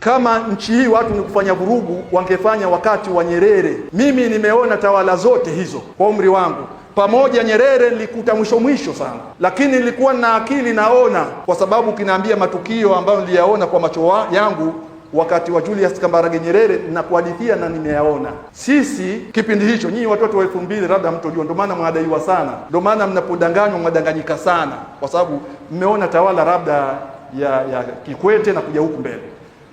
Kama nchi hii watu ni kufanya vurugu, wangefanya wakati wa Nyerere. Mimi nimeona tawala zote hizo kwa umri wangu, pamoja Nyerere nilikuta mwisho mwisho sana, lakini nilikuwa na akili naona, kwa sababu kinaambia matukio ambayo niliyaona kwa macho yangu wakati wa Julius Kambarage Nyerere na kuhadithia na nimeyaona. Sisi kipindi hicho, nyinyi watoto wa elfu mbili labda mtojua, ndio maana mwadaiwa sana, ndio maana mnapodanganywa mwadanganyika sana, kwa sababu mmeona tawala labda ya, ya Kikwete na kuja huku mbele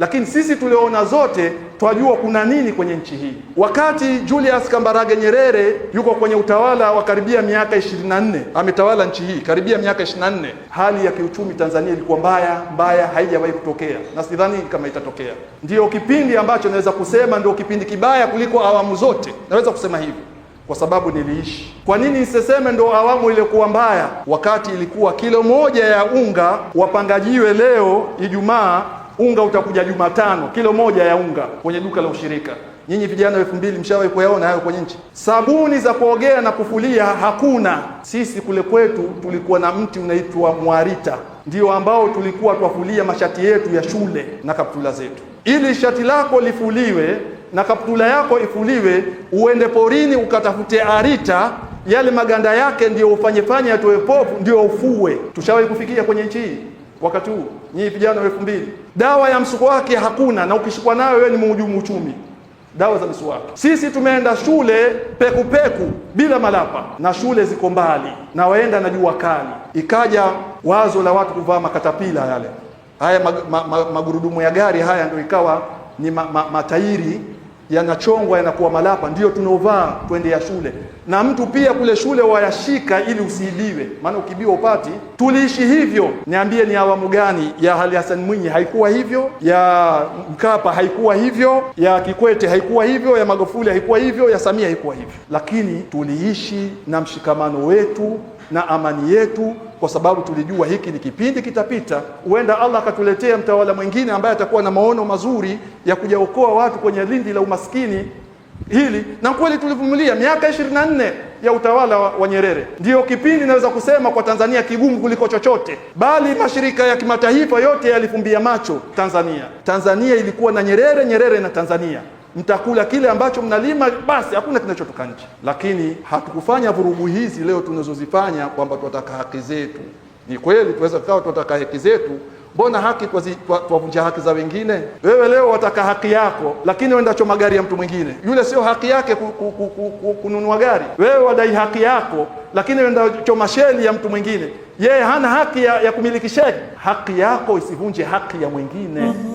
lakini sisi tulioona zote twajua kuna nini kwenye nchi hii. Wakati Julius Kambarage Nyerere yuko kwenye utawala wa karibia miaka 24, ametawala nchi hii karibia miaka 24, hali ya kiuchumi Tanzania ilikuwa mbaya mbaya, haijawahi kutokea na sidhani kama itatokea. Ndiyo kipindi ambacho naweza kusema ndio kipindi kibaya kuliko awamu zote, naweza kusema hivyo kwa sababu niliishi. Kwa nini niseseme ndo awamu iliyokuwa mbaya? Wakati ilikuwa kilo moja ya unga wapangajiwe leo Ijumaa Unga utakuja Jumatano, kilo moja ya unga kwenye duka la ushirika. Nyinyi vijana elfu mbili mshawahi kuyaona hayo kwenye nchi? Sabuni za kuogea na kufulia hakuna. Sisi kule kwetu tulikuwa na mti unaitwa mwarita, ndio ambao tulikuwa twafulia mashati yetu ya shule na kaptula zetu. Ili shati lako lifuliwe na kaptula yako ifuliwe, uende porini ukatafute arita yale maganda yake, ndio ufanyefanye atoe povu, ndio ufue. Tushawahi kufikia kwenye nchi hii? wakati huu nyinyi vijana wa elfu mbili, dawa ya mswaki hakuna, na ukishikwa nayo wewe ni mhujumu uchumi. Dawa za miswaki, sisi tumeenda shule pekupeku bila malapa, na shule ziko mbali na waenda na jua kali, ikaja wazo la watu kuvaa makatapila yale haya mag, ma, ma, magurudumu ya gari haya ndio ikawa ni ma, ma, matairi yanachongwa yanakuwa malapa, ndiyo tunaovaa twende ya shule. Na mtu pia kule shule wayashika ili usiibiwe, maana ukibiwa upati. Tuliishi hivyo, niambie, ni awamu gani ya hali Hassan Mwinyi haikuwa hivyo, ya Mkapa haikuwa hivyo, ya Kikwete haikuwa hivyo, ya Magufuli haikuwa hivyo, ya Samia haikuwa hivyo, lakini tuliishi na mshikamano wetu na amani yetu, kwa sababu tulijua hiki ni kipindi kitapita. Huenda Allah akatuletea mtawala mwingine ambaye atakuwa na maono mazuri ya kujaokoa watu kwenye lindi la umaskini hili. Na kweli tulivumilia miaka 24 ya utawala wa Nyerere. Ndiyo kipindi naweza kusema kwa Tanzania kigumu kuliko chochote, bali mashirika ya kimataifa yote yalifumbia macho Tanzania. Tanzania ilikuwa na Nyerere, Nyerere na Tanzania mtakula kile ambacho mnalima, basi hakuna kinachotoka nje. Lakini hatukufanya vurugu hizi leo tunazozifanya kwamba tunataka haki zetu. Ni kweli tuweza kawa tunataka haki zetu, mbona haki twavunja haki za wengine? Wewe leo wataka haki yako, lakini wendacho gari ya mtu mwingine, yule sio haki yake ku, ku, ku, ku, ku, kununua gari. Wewe wadai haki yako, lakini wendacho sheli ya mtu mwingine, yeye hana haki ya, ya sheli. Haki yako isivunje haki ya mwingine.